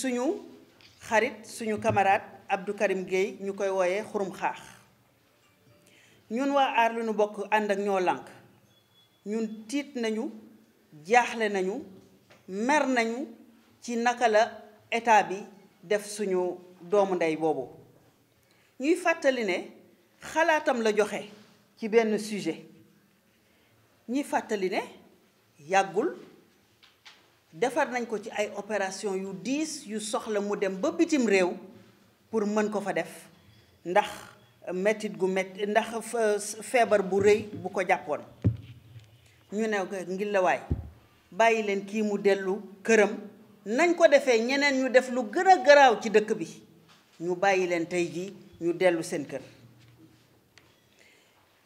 suñu xarit suñu camarade Abdou Karim Gueye ñu koy wooyee xurum xaax ñun waa aar lu ñu bokk ànd ak ñoo lànk ñun tiit nañu jaaxle nañu mer nañu ci naka la état bi def suñu doomu ndey boobu ñuy fàttali ne xalaatam la joxe ci benn sujet ñi fàttali ne yàggul defar nañ ko ci ay opération yu diis yu soxla mu dem ba bitim réew pour mën ko fa def ndax metit gu metti ndax feebar bu rëy bu ko jàppoon ñu ne ko ngir la waay bàyyi leen kii mu dellu këram nañ ko defee ñeneen ñu def lu gën a garaaw ci dëkk bi ñu bàyyi leen tey jii ñu dellu seen kër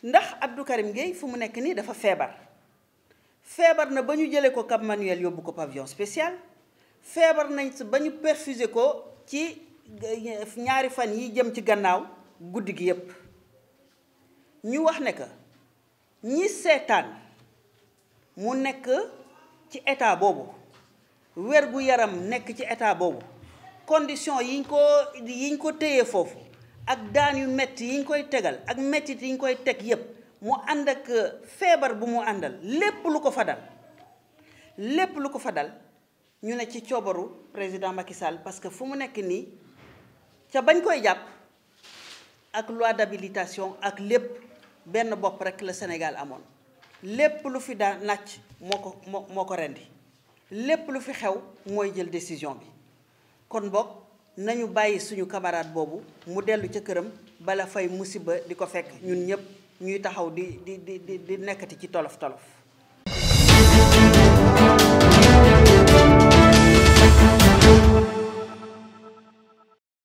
ndax Abdou Karim Gueye fu mu nekk nii dafa feebar feebar na ba ñu jëlee ko Cap yóbbu ko pavillon spécial feebar nañ ba ñu perfusé ko ci ñaari fan yi jëm ci gannaaw guddi gi yépp ñu wax ne que ñi seetaan mu nekk ci état boobu wér gu yaram nekk ci état boobu condition yiñ ko yiñ ko téye foofu ak daan yu metti yi ñu koy tegal ak mettit yi ñu koy teg yépp mu ànd ak euh, feebar bu mu àndal lépp lu ko fa dal lépp lu ko fa dal ñu ne ci coobaru président Macky Sall parce que fu mu nekk nii ca bañ koy jàpp ak loi d'habilitation ak lépp benn bopp rek la Sénégal amoon lépp lu fi daan nàcc moo ko moo ko rendi lépp lu fi xew mooy jël décision bi kon bokk nañu bàyyi suñu camarade boobu mu dellu ca këram bala fay musiba di ko fekk ñun ñëpp ñuy taxaw di di di di nekkati ci tolof tolof